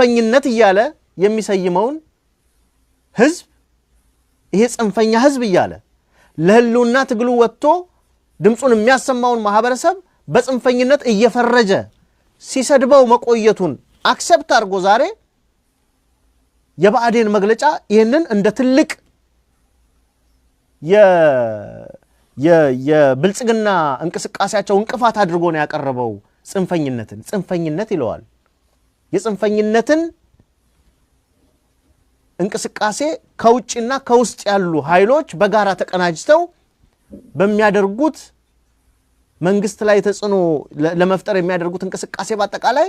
ጽንፈኝነት እያለ የሚሰይመውን ህዝብ ይሄ ጽንፈኛ ህዝብ እያለ ለህልውና ትግሉ ወጥቶ ድምፁን የሚያሰማውን ማህበረሰብ በጽንፈኝነት እየፈረጀ ሲሰድበው መቆየቱን አክሰብት አድርጎ ዛሬ የብአዴን መግለጫ ይህንን እንደ ትልቅ የብልጽግና እንቅስቃሴያቸው እንቅፋት አድርጎ ነው ያቀረበው። ጽንፈኝነትን ጽንፈኝነት ይለዋል። የጽንፈኝነትን እንቅስቃሴ ከውጭና ከውስጥ ያሉ ኃይሎች በጋራ ተቀናጅተው በሚያደርጉት መንግስት ላይ ተጽዕኖ ለመፍጠር የሚያደርጉት እንቅስቃሴ በአጠቃላይ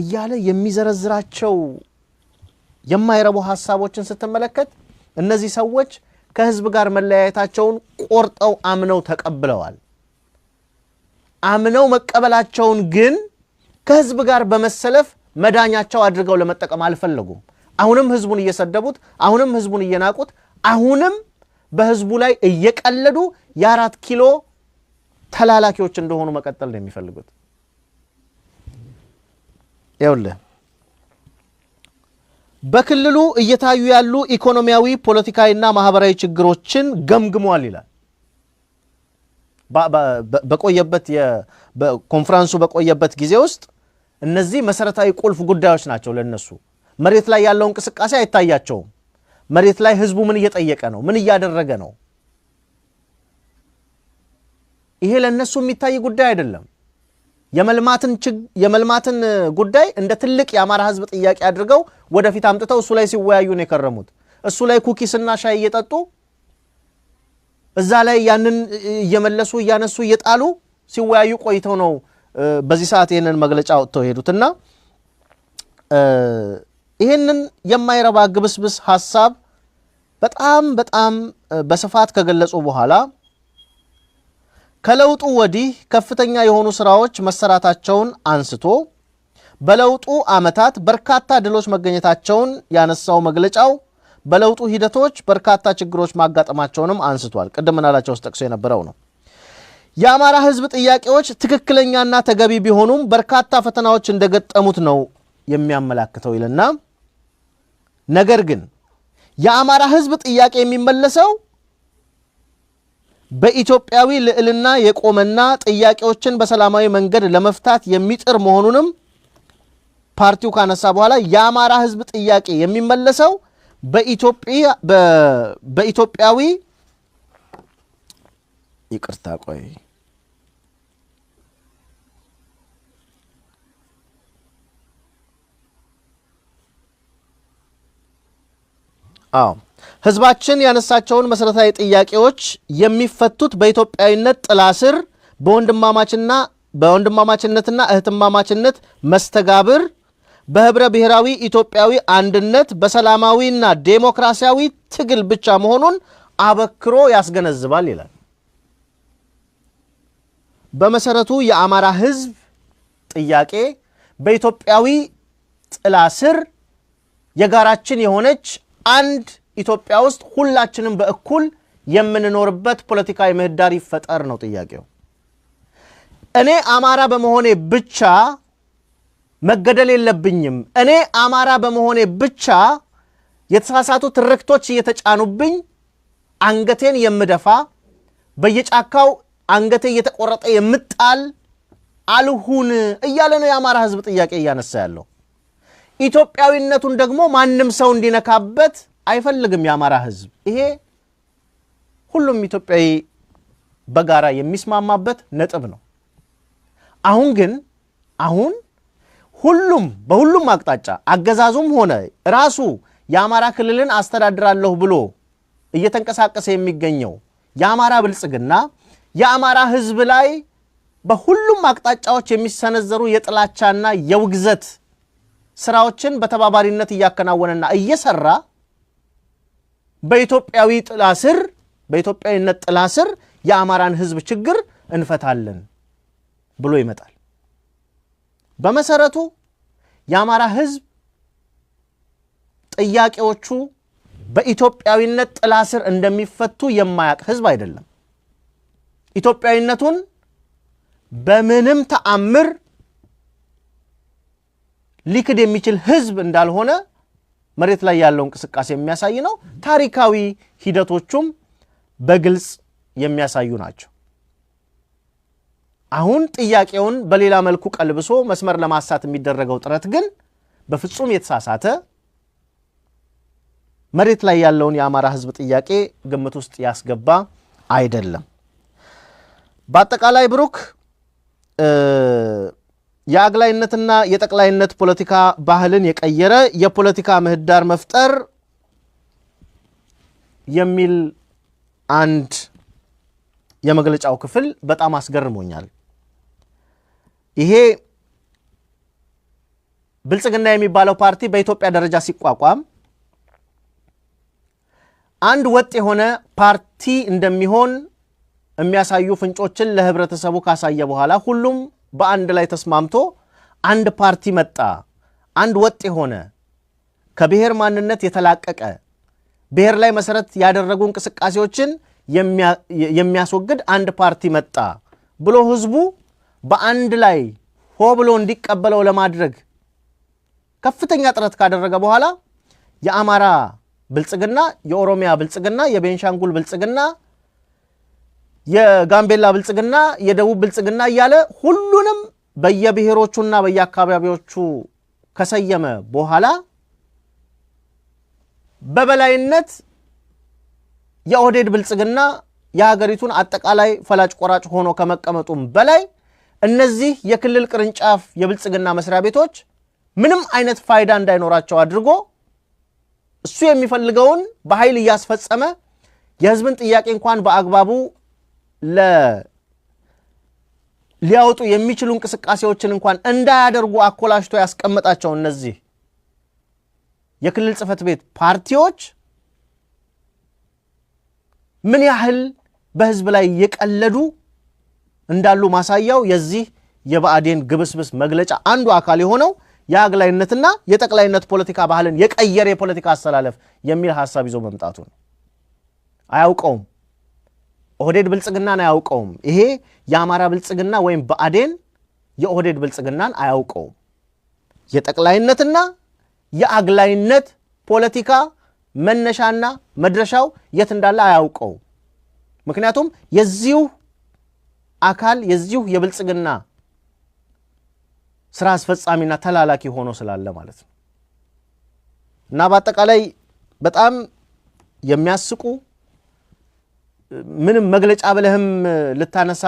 እያለ የሚዘረዝራቸው የማይረቡ ሀሳቦችን ስትመለከት እነዚህ ሰዎች ከህዝብ ጋር መለያየታቸውን ቆርጠው አምነው ተቀብለዋል። አምነው መቀበላቸውን ግን ከህዝብ ጋር በመሰለፍ መዳኛቸው አድርገው ለመጠቀም አልፈለጉም። አሁንም ህዝቡን እየሰደቡት፣ አሁንም ህዝቡን እየናቁት፣ አሁንም በህዝቡ ላይ እየቀለዱ የአራት ኪሎ ተላላኪዎች እንደሆኑ መቀጠል ነው የሚፈልጉት። ይኸውልህ በክልሉ እየታዩ ያሉ ኢኮኖሚያዊ ፖለቲካዊና ማህበራዊ ችግሮችን ገምግሟል ይላል። በቆየበት ኮንፈረንሱ በቆየበት ጊዜ ውስጥ እነዚህ መሰረታዊ ቁልፍ ጉዳዮች ናቸው። ለነሱ መሬት ላይ ያለው እንቅስቃሴ አይታያቸውም። መሬት ላይ ህዝቡ ምን እየጠየቀ ነው? ምን እያደረገ ነው? ይሄ ለእነሱ የሚታይ ጉዳይ አይደለም። የመልማትን ጉዳይ እንደ ትልቅ የአማራ ህዝብ ጥያቄ አድርገው ወደፊት አምጥተው እሱ ላይ ሲወያዩ ነው የከረሙት። እሱ ላይ ኩኪስና ሻይ እየጠጡ እዛ ላይ ያንን እየመለሱ እያነሱ እየጣሉ ሲወያዩ ቆይተው ነው በዚህ ሰዓት ይህንን መግለጫ ወጥተው ሄዱትና ይህንን የማይረባ ግብስብስ ሀሳብ በጣም በጣም በስፋት ከገለጹ በኋላ ከለውጡ ወዲህ ከፍተኛ የሆኑ ስራዎች መሰራታቸውን አንስቶ በለውጡ ዓመታት በርካታ ድሎች መገኘታቸውን ያነሳው መግለጫው በለውጡ ሂደቶች በርካታ ችግሮች ማጋጠማቸውንም አንስቷል። ቅድም ምናላቸው ውስጥ ጠቅሶ የነበረው ነው። የአማራ ህዝብ ጥያቄዎች ትክክለኛና ተገቢ ቢሆኑም በርካታ ፈተናዎች እንደገጠሙት ነው የሚያመላክተው ይልና ነገር ግን የአማራ ህዝብ ጥያቄ የሚመለሰው በኢትዮጵያዊ ልዕልና የቆመና ጥያቄዎችን በሰላማዊ መንገድ ለመፍታት የሚጥር መሆኑንም ፓርቲው ካነሳ በኋላ የአማራ ህዝብ ጥያቄ የሚመለሰው በኢትዮጵያዊ ይቅርታ ቆይ አዎ ህዝባችን ያነሳቸውን መሰረታዊ ጥያቄዎች የሚፈቱት በኢትዮጵያዊነት ጥላ ስር በወንድማማችና በወንድማማችነትና እህትማማችነት መስተጋብር በህብረ ብሔራዊ ኢትዮጵያዊ አንድነት በሰላማዊና ዴሞክራሲያዊ ትግል ብቻ መሆኑን አበክሮ ያስገነዝባል ይላል። በመሰረቱ የአማራ ህዝብ ጥያቄ በኢትዮጵያዊ ጥላ ስር የጋራችን የሆነች አንድ ኢትዮጵያ ውስጥ ሁላችንም በእኩል የምንኖርበት ፖለቲካዊ ምህዳር ይፈጠር ነው ጥያቄው። እኔ አማራ በመሆኔ ብቻ መገደል የለብኝም። እኔ አማራ በመሆኔ ብቻ የተሳሳቱ ትርክቶች እየተጫኑብኝ አንገቴን የምደፋ በየጫካው አንገቴ እየተቆረጠ የምጣል አልሁን እያለ ነው የአማራ ህዝብ ጥያቄ እያነሳ ያለው። ኢትዮጵያዊነቱን ደግሞ ማንም ሰው እንዲነካበት አይፈልግም የአማራ ህዝብ። ይሄ ሁሉም ኢትዮጵያዊ በጋራ የሚስማማበት ነጥብ ነው። አሁን ግን አሁን ሁሉም በሁሉም አቅጣጫ አገዛዙም ሆነ ራሱ የአማራ ክልልን አስተዳድራለሁ ብሎ እየተንቀሳቀሰ የሚገኘው የአማራ ብልጽግና የአማራ ህዝብ ላይ በሁሉም አቅጣጫዎች የሚሰነዘሩ የጥላቻና የውግዘት ስራዎችን በተባባሪነት እያከናወነና እየሰራ በኢትዮጵያዊ ጥላ ስር በኢትዮጵያዊነት ጥላ ስር የአማራን ህዝብ ችግር እንፈታለን ብሎ ይመጣል። በመሰረቱ የአማራ ህዝብ ጥያቄዎቹ በኢትዮጵያዊነት ጥላ ስር እንደሚፈቱ የማያቅ ህዝብ አይደለም። ኢትዮጵያዊነቱን በምንም ተአምር ሊክድ የሚችል ህዝብ እንዳልሆነ መሬት ላይ ያለው እንቅስቃሴ የሚያሳይ ነው። ታሪካዊ ሂደቶቹም በግልጽ የሚያሳዩ ናቸው። አሁን ጥያቄውን በሌላ መልኩ ቀልብሶ መስመር ለማሳት የሚደረገው ጥረት ግን በፍጹም የተሳሳተ መሬት ላይ ያለውን የአማራ ህዝብ ጥያቄ ግምት ውስጥ ያስገባ አይደለም። በአጠቃላይ ብሩክ የአግላይነትና የጠቅላይነት ፖለቲካ ባህልን የቀየረ የፖለቲካ ምህዳር መፍጠር የሚል አንድ የመግለጫው ክፍል በጣም አስገርሞኛል። ይሄ ብልጽግና የሚባለው ፓርቲ በኢትዮጵያ ደረጃ ሲቋቋም አንድ ወጥ የሆነ ፓርቲ እንደሚሆን የሚያሳዩ ፍንጮችን ለህብረተሰቡ ካሳየ በኋላ ሁሉም በአንድ ላይ ተስማምቶ አንድ ፓርቲ መጣ። አንድ ወጥ የሆነ ከብሔር ማንነት የተላቀቀ ብሔር ላይ መሰረት ያደረጉ እንቅስቃሴዎችን የሚያስወግድ አንድ ፓርቲ መጣ ብሎ ህዝቡ በአንድ ላይ ሆ ብሎ እንዲቀበለው ለማድረግ ከፍተኛ ጥረት ካደረገ በኋላ የአማራ ብልጽግና፣ የኦሮሚያ ብልጽግና፣ የቤንሻንጉል ብልጽግና የጋምቤላ ብልጽግና፣ የደቡብ ብልጽግና እያለ ሁሉንም በየብሔሮቹና በየአካባቢዎቹ ከሰየመ በኋላ በበላይነት የኦህዴድ ብልጽግና የሀገሪቱን አጠቃላይ ፈላጭ ቆራጭ ሆኖ ከመቀመጡም በላይ እነዚህ የክልል ቅርንጫፍ የብልጽግና መስሪያ ቤቶች ምንም አይነት ፋይዳ እንዳይኖራቸው አድርጎ እሱ የሚፈልገውን በኃይል እያስፈጸመ የህዝብን ጥያቄ እንኳን በአግባቡ ሊያወጡ የሚችሉ እንቅስቃሴዎችን እንኳን እንዳያደርጉ አኮላሽቶ ያስቀመጣቸው እነዚህ የክልል ጽህፈት ቤት ፓርቲዎች ምን ያህል በህዝብ ላይ የቀለዱ እንዳሉ ማሳያው የዚህ የባዕዴን ግብስብስ መግለጫ አንዱ አካል የሆነው የአግላይነትና የጠቅላይነት ፖለቲካ ባህልን የቀየረ የፖለቲካ አስተላለፍ የሚል ሀሳብ ይዞ መምጣቱ ነው። አያውቀውም። ኦህዴድ ብልጽግናን አያውቀውም። ይሄ የአማራ ብልጽግና ወይም በአዴን የኦህዴድ ብልጽግናን አያውቀውም። የጠቅላይነትና የአግላይነት ፖለቲካ መነሻና መድረሻው የት እንዳለ አያውቀው ምክንያቱም የዚሁ አካል የዚሁ የብልጽግና ስራ አስፈጻሚና ተላላኪ ሆኖ ስላለ ማለት ነው እና በአጠቃላይ በጣም የሚያስቁ ምንም መግለጫ ብለህም ልታነሳ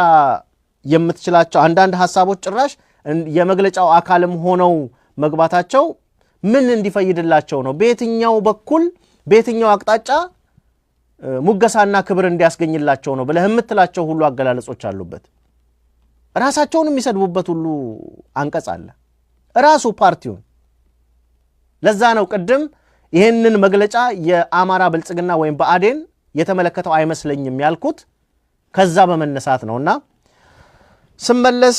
የምትችላቸው አንዳንድ ሀሳቦች ጭራሽ የመግለጫው አካልም ሆነው መግባታቸው ምን እንዲፈይድላቸው ነው? በየትኛው በኩል በየትኛው አቅጣጫ ሙገሳና ክብር እንዲያስገኝላቸው ነው ብለህ የምትላቸው ሁሉ አገላለጾች አሉበት። ራሳቸውን የሚሰድቡበት ሁሉ አንቀጽ አለ፣ ራሱ ፓርቲውን። ለዛ ነው ቅድም ይህንን መግለጫ የአማራ ብልጽግና ወይም በአዴን? የተመለከተው አይመስለኝም ያልኩት ከዛ በመነሳት ነውና ስመለስ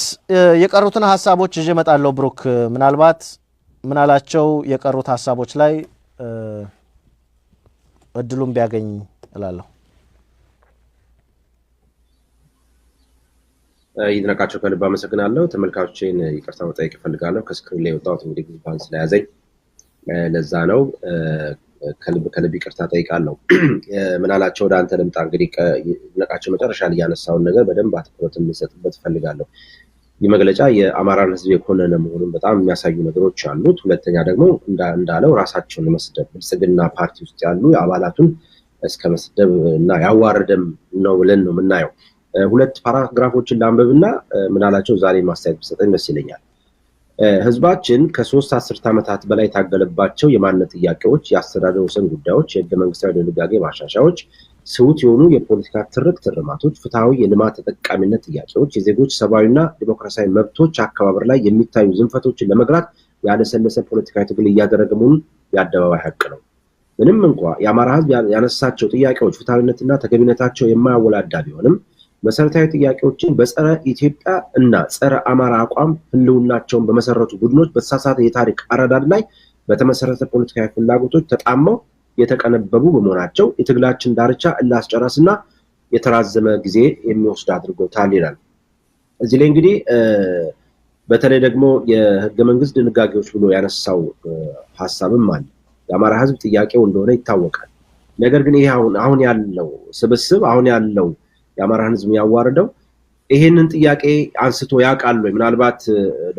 የቀሩትን ሀሳቦች እዥ መጣለው። ብሩክ ምናልባት ምናላቸው የቀሩት ሀሳቦች ላይ እድሉን ቢያገኝ እላለሁ። ይድነቃቸው ከልብ አመሰግናለሁ። ተመልካቾችን ይቅርታ መጠየቅ እፈልጋለሁ። ከስክሪን ላይ የወጣሁት እንግዲህ ባንስ ስለያዘኝ ለዛ ነው። ከልብ ከልብ ይቅርታ ጠይቃለሁ። ምናላቸው ወደ አንተ ልምጣ። እንግዲህ ነቃቸው መጨረሻ ላይ ያነሳውን ነገር በደንብ አትኩረት የምንሰጥበት እፈልጋለሁ። ይህ መግለጫ የአማራን ሕዝብ የኮነነ መሆኑን በጣም የሚያሳዩ ነገሮች አሉት። ሁለተኛ ደግሞ እንዳለው ራሳቸውን መስደብ ብልጽግና ፓርቲ ውስጥ ያሉ አባላቱን እስከ መስደብ እና ያዋርደም ነው ብለን ነው የምናየው። ሁለት ፓራግራፎችን ለአንበብና ምናላቸው ዛሬ ማስተያየት ብሰጠኝ ደስ ይለኛል። ህዝባችን ከሶስት አስርት ዓመታት በላይ የታገለባቸው የማንነት ጥያቄዎች፣ የአስተዳደር ወሰን ጉዳዮች፣ የህገ መንግስታዊ ድንጋጌ ማሻሻዎች፣ ስውት የሆኑ የፖለቲካ ትርክ ትርማቶች፣ ፍትሐዊ የልማት ተጠቃሚነት ጥያቄዎች፣ የዜጎች ሰብአዊና ዲሞክራሲያዊ መብቶች አከባበር ላይ የሚታዩ ዝንፈቶችን ለመግራት ያለሰለሰ ፖለቲካዊ ትግል እያደረገ መሆኑን የአደባባይ ሀቅ ነው። ምንም እንኳ የአማራ ህዝብ ያነሳቸው ጥያቄዎች ፍትሐዊነትና ተገቢነታቸው የማያወላዳ ቢሆንም መሰረታዊ ጥያቄዎችን በጸረ ኢትዮጵያ እና ጸረ አማራ አቋም ህልውናቸውን በመሰረቱ ቡድኖች በተሳሳተ የታሪክ አረዳድ ላይ በተመሰረተ ፖለቲካዊ ፍላጎቶች ተጣመው የተቀነበቡ በመሆናቸው የትግላችን ዳርቻ እላስጨረስና የተራዘመ ጊዜ የሚወስድ አድርጎታል ይላል። እዚህ ላይ እንግዲህ በተለይ ደግሞ የህገ መንግስት ድንጋጌዎች ብሎ ያነሳው ሀሳብም አለ። የአማራ ህዝብ ጥያቄው እንደሆነ ይታወቃል። ነገር ግን ይሄ አሁን ያለው ስብስብ አሁን ያለው የአማራን ህዝብ ያዋርደው? ይሄንን ጥያቄ አንስቶ ያውቃሉ ወይ? ምናልባት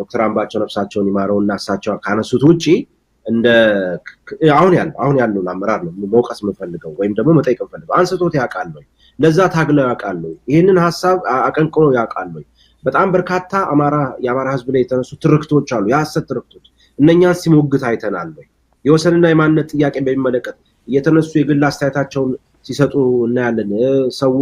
ዶክተር አምባቸው ነፍሳቸውን ይማረው እና እሳቸው ካነሱት ውጭ እንደ አሁን ያለው አሁን ያለውን አመራር ነው መውቀስ የምፈልገው ወይም ደግሞ መጠየቅ የምፈልገው አንስቶት ያውቃሉ ወይ? ለዛ ታግለው ያውቃሉ ወይ? ይህንን ሀሳብ አቀንቅኖ ያውቃሉ ወይ? በጣም በርካታ አማራ የአማራ ህዝብ ላይ የተነሱ ትርክቶች አሉ፣ የሀሰት ትርክቶች። እነኛን ሲሞግት አይተናል ወይ? የወሰንና የማንነት ጥያቄ በሚመለከት እየተነሱ የግል አስተያየታቸውን ሲሰጡ እናያለን። ሰው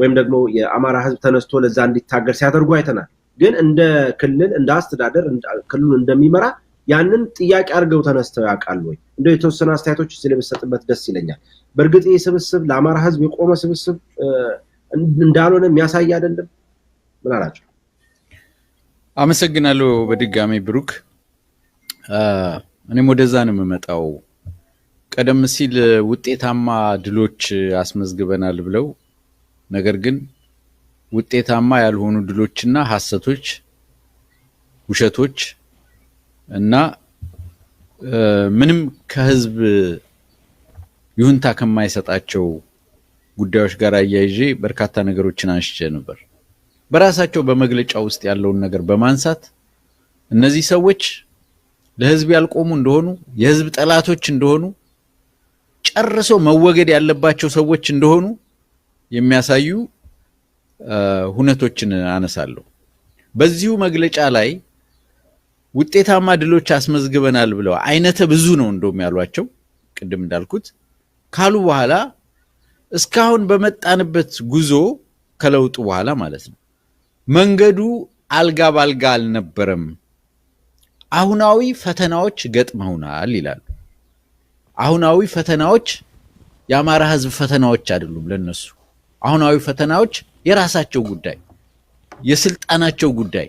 ወይም ደግሞ የአማራ ህዝብ ተነስቶ ለዛ እንዲታገል ሲያደርጉ አይተናል። ግን እንደ ክልል እንደ አስተዳደር ክልሉን እንደሚመራ ያንን ጥያቄ አድርገው ተነስተው ያውቃል ወይ? እንደ የተወሰነ አስተያየቶች ስለሚሰጥበት ደስ ይለኛል። በእርግጥ ይህ ስብስብ ለአማራ ህዝብ የቆመ ስብስብ እንዳልሆነ የሚያሳይ አይደለም። ምን አላቸው? አመሰግናለሁ። በድጋሚ ብሩክ፣ እኔም ወደዛ ነው የምመጣው። ቀደም ሲል ውጤታማ ድሎች አስመዝግበናል ብለው ነገር ግን ውጤታማ ያልሆኑ ድሎችና ሀሰቶች ውሸቶች እና ምንም ከህዝብ ይሁንታ ከማይሰጣቸው ጉዳዮች ጋር አያይዤ በርካታ ነገሮችን አንስቼ ነበር። በራሳቸው በመግለጫ ውስጥ ያለውን ነገር በማንሳት እነዚህ ሰዎች ለህዝብ ያልቆሙ እንደሆኑ፣ የህዝብ ጠላቶች እንደሆኑ፣ ጨርሰው መወገድ ያለባቸው ሰዎች እንደሆኑ የሚያሳዩ ሁነቶችን አነሳለሁ። በዚሁ መግለጫ ላይ ውጤታማ ድሎች አስመዝግበናል ብለው አይነተ ብዙ ነው እንደውም ያሏቸው ቅድም እንዳልኩት ካሉ በኋላ እስካሁን በመጣንበት ጉዞ ከለውጡ በኋላ ማለት ነው መንገዱ አልጋ ባልጋ አልነበረም፣ አሁናዊ ፈተናዎች ገጥመውናል ይላሉ። አሁናዊ ፈተናዎች የአማራ ሕዝብ ፈተናዎች አይደሉም ለነሱ አሁናዊ ፈተናዎች የራሳቸው ጉዳይ፣ የስልጣናቸው ጉዳይ፣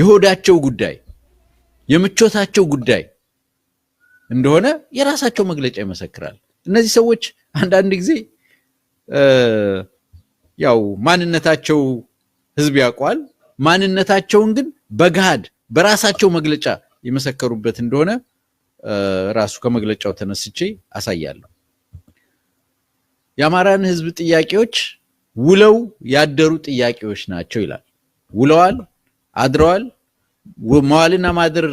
የሆዳቸው ጉዳይ፣ የምቾታቸው ጉዳይ እንደሆነ የራሳቸው መግለጫ ይመሰክራል። እነዚህ ሰዎች አንዳንድ ጊዜ ያው ማንነታቸው ህዝብ ያውቀዋል። ማንነታቸውን ግን በገሃድ በራሳቸው መግለጫ የመሰከሩበት እንደሆነ ራሱ ከመግለጫው ተነስቼ አሳያለሁ። የአማራን ህዝብ ጥያቄዎች ውለው ያደሩ ጥያቄዎች ናቸው ይላል። ውለዋል፣ አድረዋል። መዋልና ማደር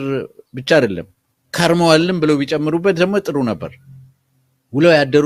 ብቻ አይደለም ከርመዋልም ብለው ቢጨምሩበት ደግሞ ጥሩ ነበር። ውለው ያደሩ